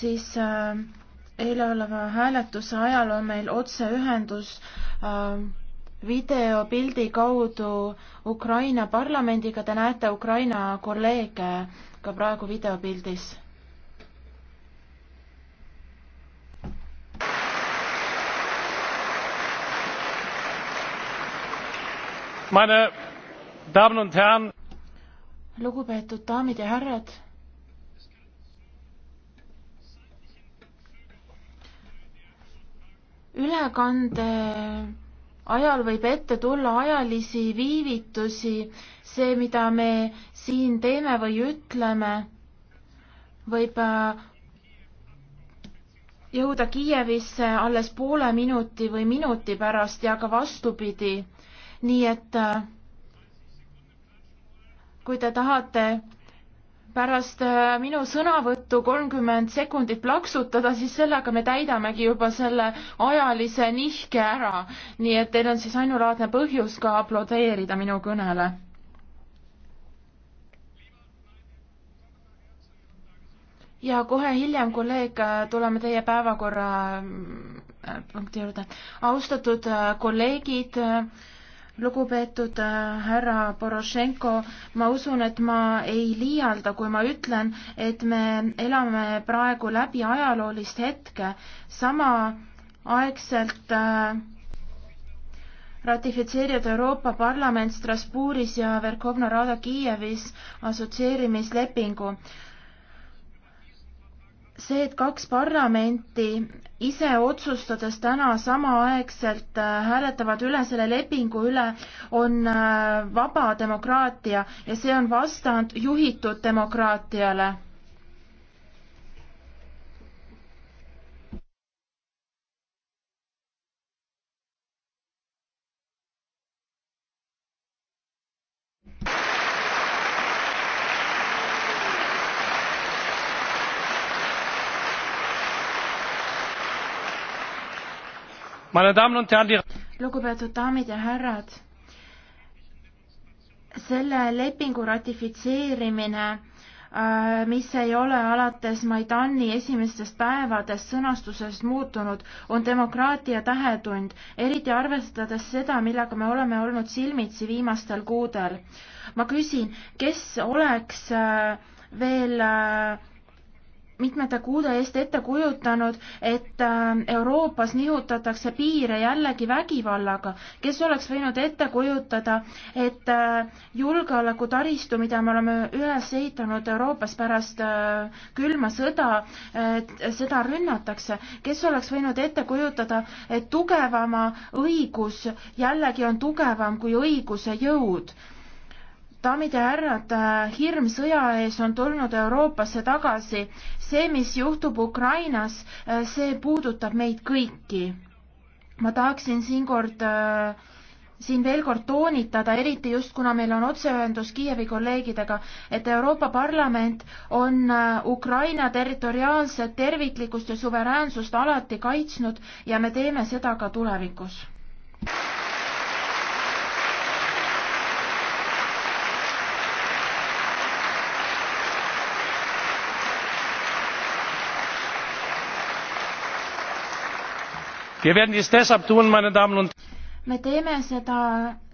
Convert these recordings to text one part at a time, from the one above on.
siis äh, eeloleva hääletuse ajal on meil otseühendus äh, videopildi kaudu Ukraina parlamendiga, te näete Ukraina kolleege ka praegu videopildis. lugupeetud daamid ja härrad ülekande ajal võib ette tulla ajalisi viivitusi, see, mida me siin teeme või ütleme, võib äh, jõuda Kiievisse alles poole minuti või minuti pärast ja ka vastupidi. nii et äh, kui te tahate pärast äh, minu sõnavõttu kolmkümmend sekundit plaksutada, siis sellega me täidamegi juba selle ajalise nihke ära. nii et teil on siis ainulaadne põhjus ka aplodeerida minu kõnele. ja kohe hiljem, kolleeg, äh, tuleme teie päevakorra äh, punkti juurde. austatud kolleegid lugupeetud äh, härra Porošenko, ma usun, et ma ei liialda, kui ma ütlen, et me elame praegu läbi ajaloolist hetke. samaaegselt äh, ratifitseerivad Euroopa Parlament Strasbourgis ja Verkhovna Rada Kiievis assotsieerimislepingu see, et kaks parlamenti ise otsustades täna samaaegselt äh, hääletavad üle selle lepingu üle, on äh, vaba demokraatia ja see on vastand juhitud demokraatiale lugupeetud daamid ja härrad, selle lepingu ratifitseerimine, äh, mis ei ole alates Maidani esimestest päevadest sõnastusest muutunud, on demokraatia tähetund, eriti arvestades seda, millega me oleme olnud silmitsi viimastel kuudel. ma küsin, kes oleks äh, veel äh, mitmete kuude eest ette kujutanud, et äh, Euroopas nihutatakse piire jällegi vägivallaga. kes oleks võinud ette kujutada, et äh, julgeolekutaristu, mida me oleme üles ehitanud Euroopas pärast äh, külma sõda, et seda rünnatakse. kes oleks võinud ette kujutada, et tugevama õigus jällegi on tugevam kui õiguse jõud daamid ja härrad, äh, hirm sõja ees on tulnud Euroopasse tagasi. see, mis juhtub Ukrainas, äh, see puudutab meid kõiki. ma tahaksin siinkord äh, siin veel kord toonitada, eriti just kuna meil on otseühendus Kiievi kolleegidega, et Euroopa Parlament on äh, Ukraina territoriaalset terviklikkust ja suveräänsust alati kaitsnud ja me teeme seda ka tulevikus. me teeme seda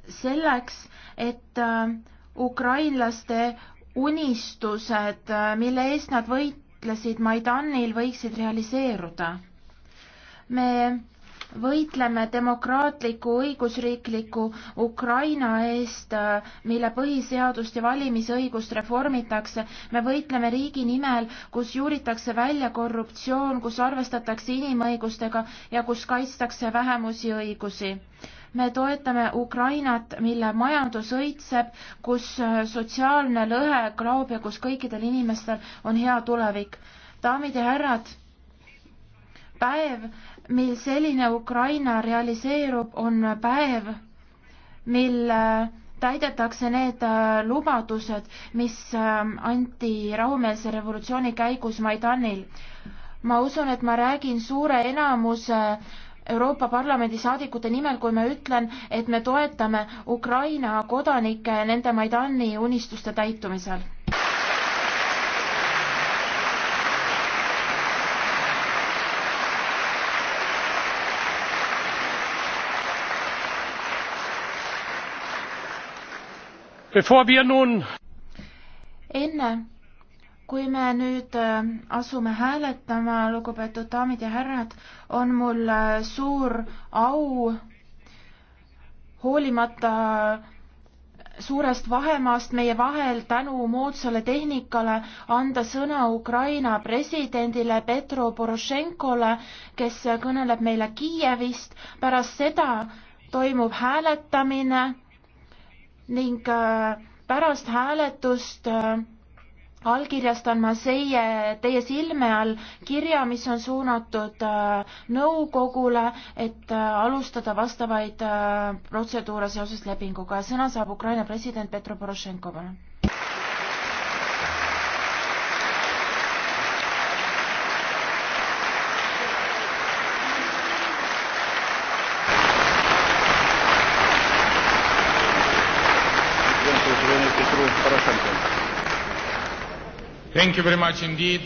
selleks, et äh, ukrainlaste unistused, äh, mille eest nad võitlesid Maidanil, võiksid realiseeruda. me võitleme demokraatliku õigusriikliku Ukraina eest, mille põhiseadust ja valimisõigust reformitakse. me võitleme riigi nimel, kus juuritakse välja korruptsioon, kus arvestatakse inimõigustega ja kus kaitstakse vähemusi õigusi me toetame Ukrainat, mille majandus õitseb, kus sotsiaalne lõhe kaob ja kus kõikidel inimestel on hea tulevik. daamid ja härrad päev, mil selline Ukraina realiseerub, on päev, mil äh, täidetakse need äh, lubadused, mis ähm, anti rahumeelse revolutsiooni käigus Maidanil. ma usun, et ma räägin suure enamuse Euroopa Parlamendi saadikute nimel, kui ma ütlen, et me toetame Ukraina kodanikke nende Maidani unistuste täitumisel enne kui me nüüd äh, asume hääletama, lugupeetud daamid ja härrad, on mul äh, suur au hoolimata suurest vahemaast meie vahel tänu moodsale tehnikale anda sõna Ukraina presidendile Petro Porošenkole, kes kõneleb meile Kiievist. pärast seda toimub hääletamine ning äh, pärast hääletust äh, allkirjastan ma seie, teie silme all kirja, mis on suunatud äh, nõukogule, et alustada vastavaid protseduure seoses lepinguga ja sõna saab Ukraina president Petro Porošenko, palun Petru Poroshenko. Thank you very much indeed.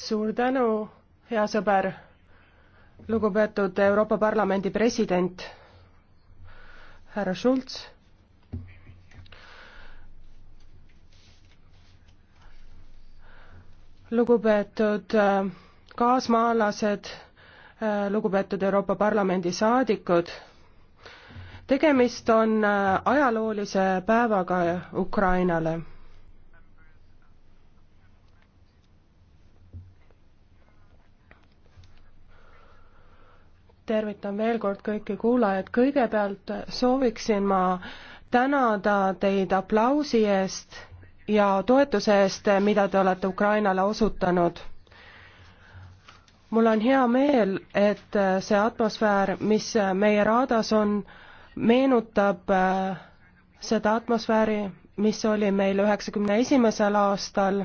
suur tänu, hea sõber, lugupeetud Euroopa Parlamendi president, härra Schulz lugupeetud äh, kaasmaalased, äh, lugupeetud Euroopa Parlamendi saadikud tegemist on äh, ajaloolise päevaga Ukrainale. tervitan veel kord kõiki kuulajaid, kõigepealt sooviksin ma tänada teid aplausi eest ja toetuse eest, mida te olete Ukrainale osutanud mul on hea meel, et see atmosfäär, mis meie raadas on, meenutab äh, seda atmosfääri, mis oli meil üheksakümne esimesel aastal,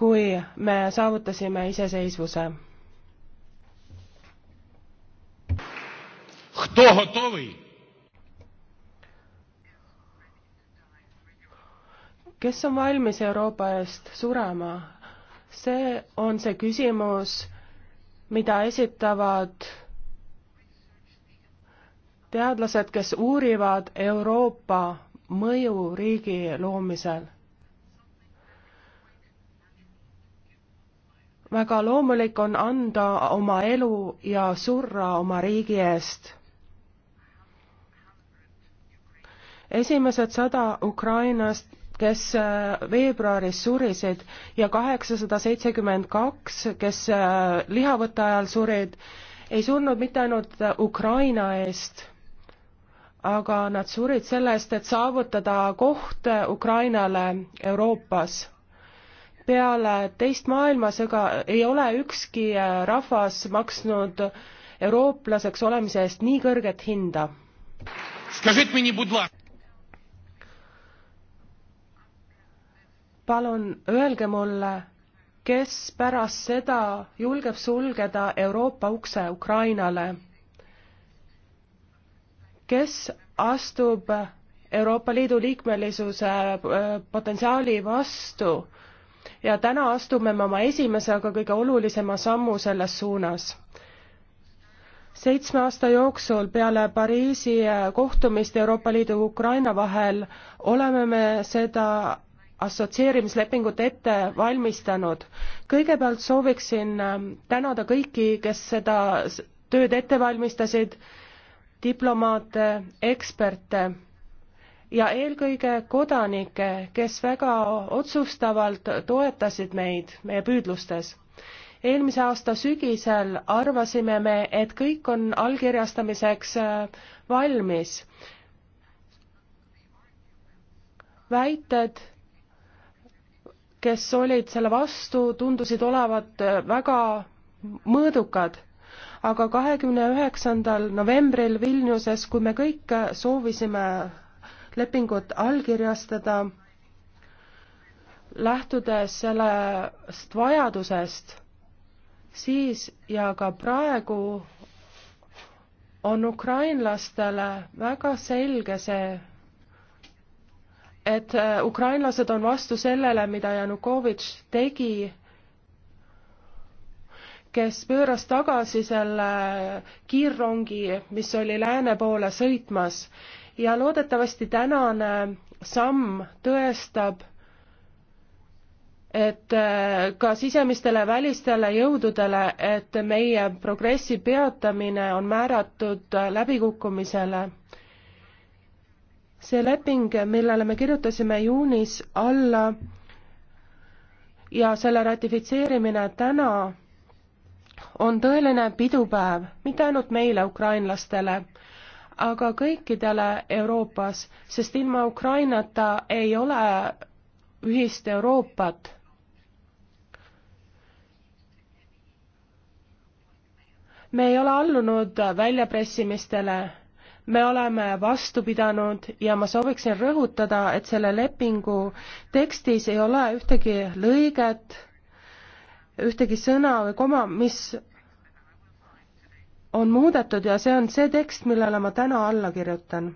kui me saavutasime iseseisvuse. kes on valmis Euroopa eest surema? see on see küsimus, mida esitavad teadlased, kes uurivad Euroopa mõju riigi loomisel. väga loomulik on anda oma elu ja surra oma riigi eest. esimesed sada Ukrainast kes äh, veebruaris surisid ja kaheksasada seitsekümmend kaks, kes äh, lihavõtte ajal surid, ei surnud mitte ainult Ukraina eest aga nad surid selle eest, et saavutada koht Ukrainale Euroopas. peale teist maailmasõga ei ole ükski äh, rahvas maksnud eurooplaseks olemise eest nii kõrget hinda. palun öelge mulle, kes pärast seda julgeb sulgeda Euroopa ukse Ukrainale kes astub Euroopa Liidu liikmelisuse äh, potentsiaali vastu ja täna astume me oma esimese, aga kõige olulisema sammu selles suunas. seitsme aasta jooksul peale Pariisi äh, kohtumist Euroopa Liidu Ukraina vahel oleme me seda assotsieerimislepingut ette valmistanud. kõigepealt sooviksin äh, tänada kõiki, kes seda tööd ette valmistasid diplomaate, eksperte ja eelkõige kodanikke, kes väga otsustavalt toetasid meid meie püüdlustes. eelmise aasta sügisel arvasime me, et kõik on allkirjastamiseks äh, valmis. väited, kes olid selle vastu, tundusid olevat äh, väga mõõdukad aga kahekümne üheksandal novembril Vilniuses, kui me kõik soovisime lepingut allkirjastada, lähtudes sellest vajadusest, siis ja ka praegu on ukrainlastele väga selge see, et ukrainlased on vastu sellele, mida Janukovitš tegi kes pööras tagasi selle kiirrongi, mis oli lääne poole sõitmas ja loodetavasti tänane samm tõestab, et äh, ka sisemistele välistele jõududele, et meie progressi peatamine on määratud äh, läbikukkumisele. see leping, millele me kirjutasime juunis alla ja selle ratifitseerimine täna on tõeline pidupäev, mitte ainult meile, ukrainlastele, aga kõikidele Euroopas, sest ilma Ukrainata ei ole ühist Euroopat. me ei ole allunud väljapressimistele, me oleme vastu pidanud ja ma sooviksin rõhutada, et selle lepingu tekstis ei ole ühtegi lõiget ühtegi sõna või koma, mis on muudetud ja see on see tekst, millele ma täna alla kirjutan.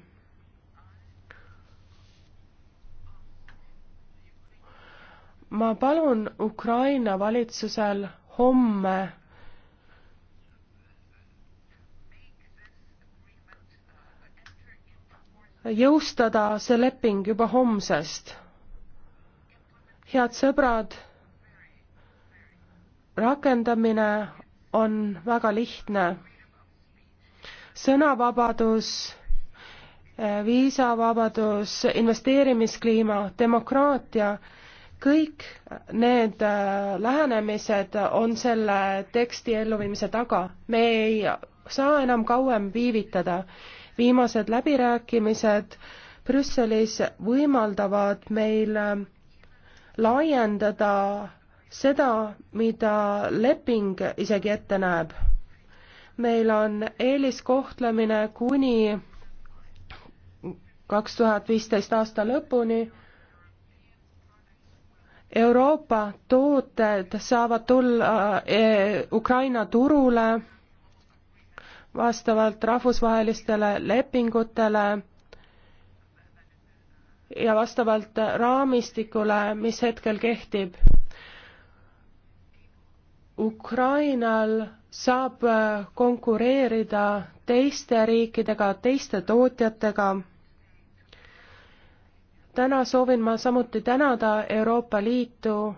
ma palun Ukraina valitsusel homme jõustada see leping juba homsest. head sõbrad rakendamine on väga lihtne. sõnavabadus, viisavabadus, investeerimiskliima, demokraatia, kõik need äh, lähenemised on selle teksti elluviimise taga. me ei saa enam kauem viivitada. viimased läbirääkimised Brüsselis võimaldavad meil äh, laiendada seda, mida leping isegi ette näeb. meil on eeliskohtlemine kuni kaks tuhat viisteist aasta lõpuni. Euroopa tooted saavad tulla e, Ukraina turule vastavalt rahvusvahelistele lepingutele ja vastavalt raamistikule, mis hetkel kehtib Ukrainal saab äh, konkureerida teiste riikidega, teiste tootjatega. täna soovin ma samuti tänada Euroopa Liitu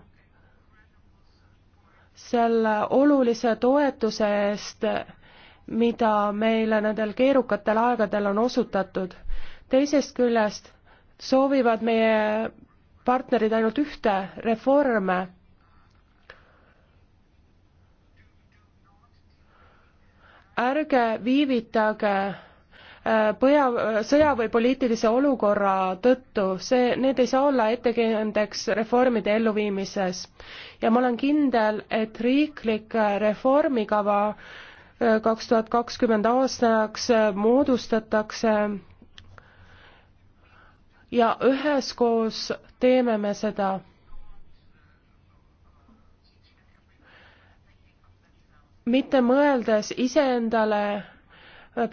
selle olulise toetuse eest, mida meile nendel keerukatel aegadel on osutatud. teisest küljest soovivad meie partnerid ainult ühte, reforme ärge viivitage äh, põja, äh, sõja või poliitilise olukorra tõttu, see, need ei saa olla ettekäändeks reformide elluviimises. ja ma olen kindel, et riiklik äh, reformikava kaks tuhat kakskümmend aastaks moodustatakse ja üheskoos teeme me seda mitte mõeldes iseendale,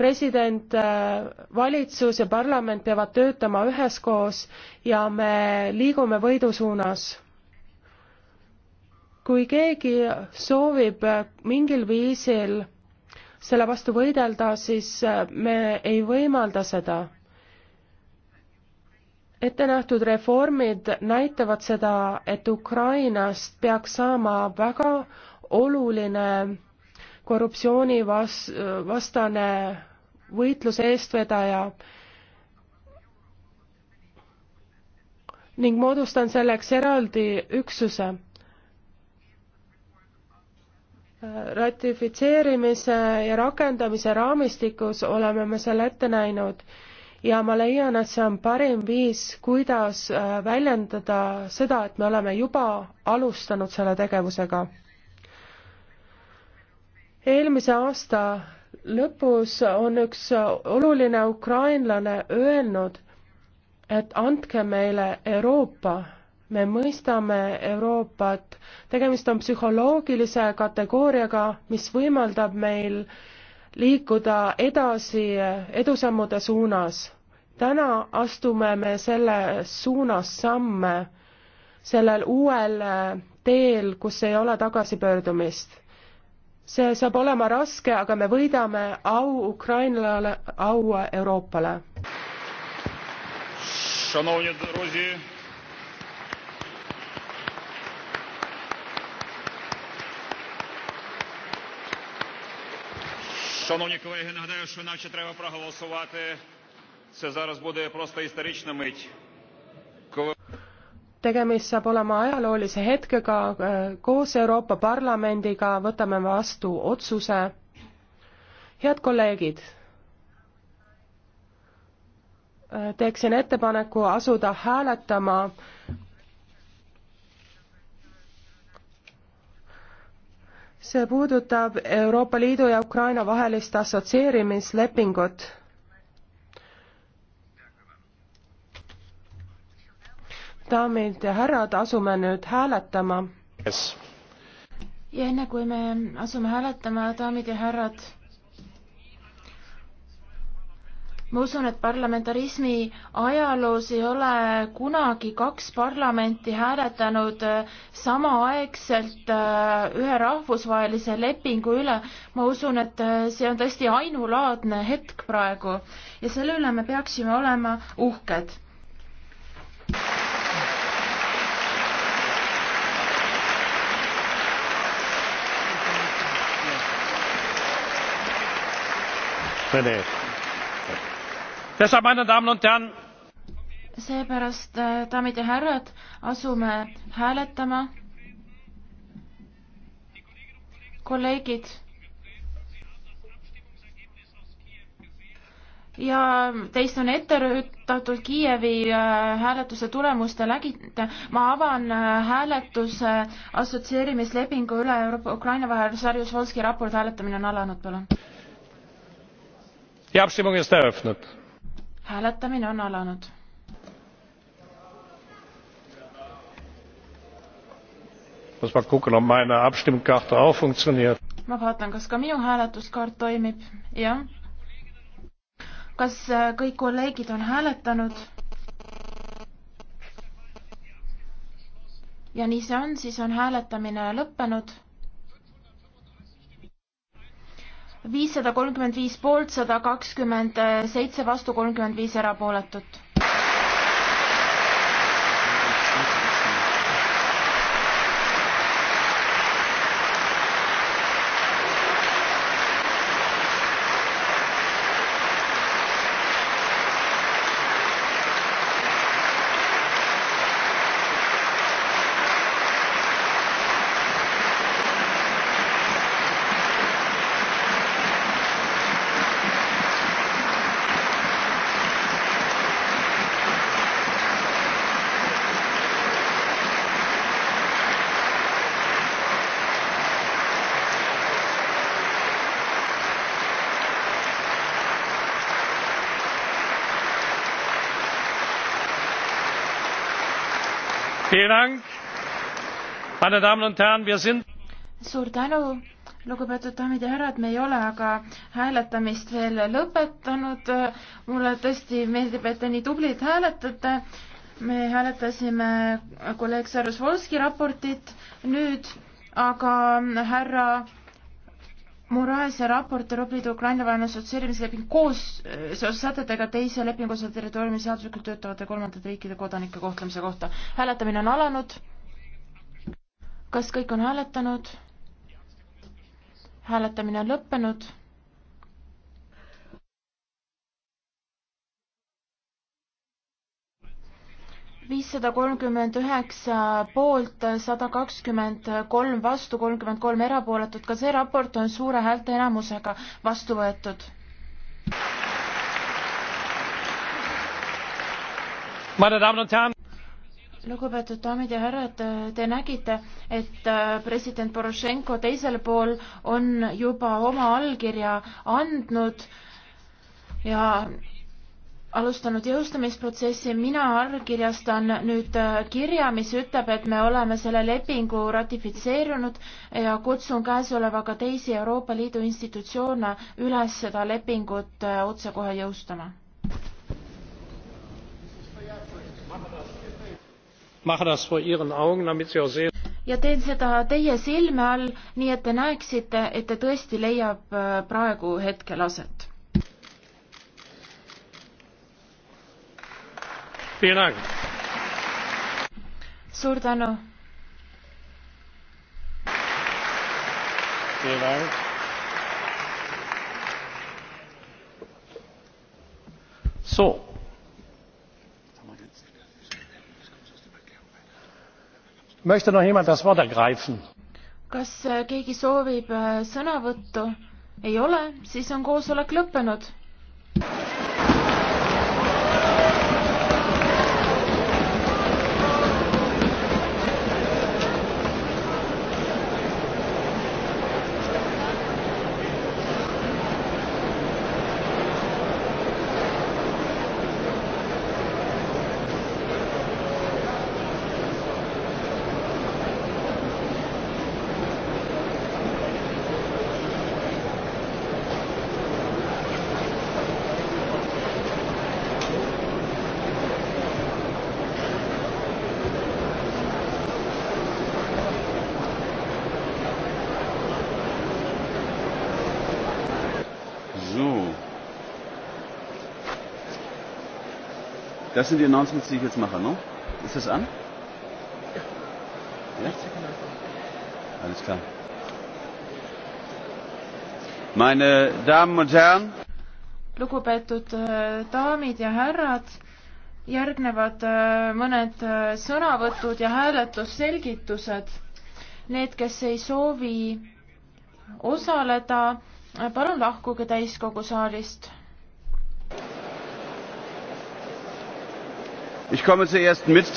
president, valitsus ja parlament peavad töötama üheskoos ja me liigume võidu suunas. kui keegi soovib mingil viisil selle vastu võidelda, siis me ei võimalda seda. ettenähtud reformid näitavad seda, et Ukrainast peaks saama väga oluline korruptsiooni vas-, vastane võitluse eestvedaja ning moodustan selleks eraldi üksuse. ratifitseerimise ja rakendamise raamistikus oleme me selle ette näinud ja ma leian, et see on parim viis, kuidas äh, väljendada seda, et me oleme juba alustanud selle tegevusega eelmise aasta lõpus on üks oluline ukrainlane öelnud, et andke meile Euroopa, me mõistame Euroopat. tegemist on psühholoogilise kategooriaga, mis võimaldab meil liikuda edasi edusammude suunas. täna astume me selles suunas samme, sellel uuel teel, kus ei ole tagasipöördumist see saab olema raske, aga me võidame au Ukrainale, au Euroopale. Шановні друзі, Шановні колеги, нагадаю, що нам ще треба проголосувати. Це зараз буде просто історична мить tegemist saab olema ajaloolise hetkega, äh, koos Euroopa Parlamendiga võtame vastu otsuse. head kolleegid, äh, teeksin ettepaneku asuda hääletama see puudutab Euroopa Liidu ja Ukraina vahelist assotsieerimislepingut daamid ja härrad, asume nüüd hääletama yes.. ja enne kui me asume hääletama, daamid ja härrad, ma usun, et parlamentarismi ajaloos ei ole kunagi kaks parlamenti hääletanud samaaegselt äh, ühe rahvusvahelise lepingu üle. ma usun, et äh, see on tõesti ainulaadne hetk praegu ja selle üle me peaksime olema uhked. deshalb meine damen und herren seepärast äh, daamid ja härrad asume hääletama kolleegid ja teist on ette rütatud Kiievi äh, hääletuse tulemuste lägite. ma avan äh, hääletuse assotsieerimislepingu üle Euroopa Ukraina vahel, Sarjus Volski raport hääletamine on alanud, palun Die Abstimmung ist eröffnet. Hääletamine on alanud. Muss mal gucken, ob meine Abstimmkarte auch funktioniert. Ma vaatan, kas ka minu hääletuskaart toimib. Jah. Kas äh, kõik kolleegid on hääletanud? Ja nii see on, siis on hääletamine lõppenud. viissada kolmkümmend viis poolt, sada kakskümmend seitse vastu, kolmkümmend viis erapooletut suur tänu, lugupeetud daamid ja härrad, me ei ole aga hääletamist veel lõpetanud. mulle tõesti meeldib, et te nii tublid hääletate. me hääletasime kolleeg Sarasvolski raportit nüüd, aga härra Moraese raport Euroopa Liidu Ukraina vaheline assotsieerimisleping koos äh, seoses sätetega teise lepingu osa territooriumi seaduslikult töötavate kolmandate riikide kodanike kohtlemise kohta. hääletamine on alanud. kas kõik on hääletanud? hääletamine on lõppenud viissada kolmkümmend üheksa poolt, sada kakskümmend kolm vastu, kolmkümmend kolm erapooletut, ka see raport on suure häälteenamusega vastu võetud. lugupeetud daamid ja härrad, te nägite, et äh, president Porošenko teisel pool on juba oma allkirja andnud ja alustanud jõustamisprotsessi, mina allkirjastan nüüd äh, kirja, mis ütleb, et me oleme selle lepingu ratifitseerinud ja kutsun käesolevaga teisi Euroopa Liidu institutsioone üles seda lepingut äh, otsekohe jõustama. ja teen seda teie silme all, nii et te näeksite, et ta tõesti leiab äh, praegu hetkel aset suur tänu! So. möchte noch jemand das Wort ergreifen? kas äh, keegi soovib äh, sõnavõttu? ei ole, siis on koosolek lõppenud. Das sind die Announcements, die ich jetzt mache, ne? Ist das an? Ja? Alles klar. Meine Damen und Herren. Lugupeetud äh, daamid ja härrad, järgnevad äh, mõned äh, sõnavõtud ja hääletusselgitused. Need, kes ei soovi osaleda, palun lahkuge täiskogu saalist ich komme zur ersten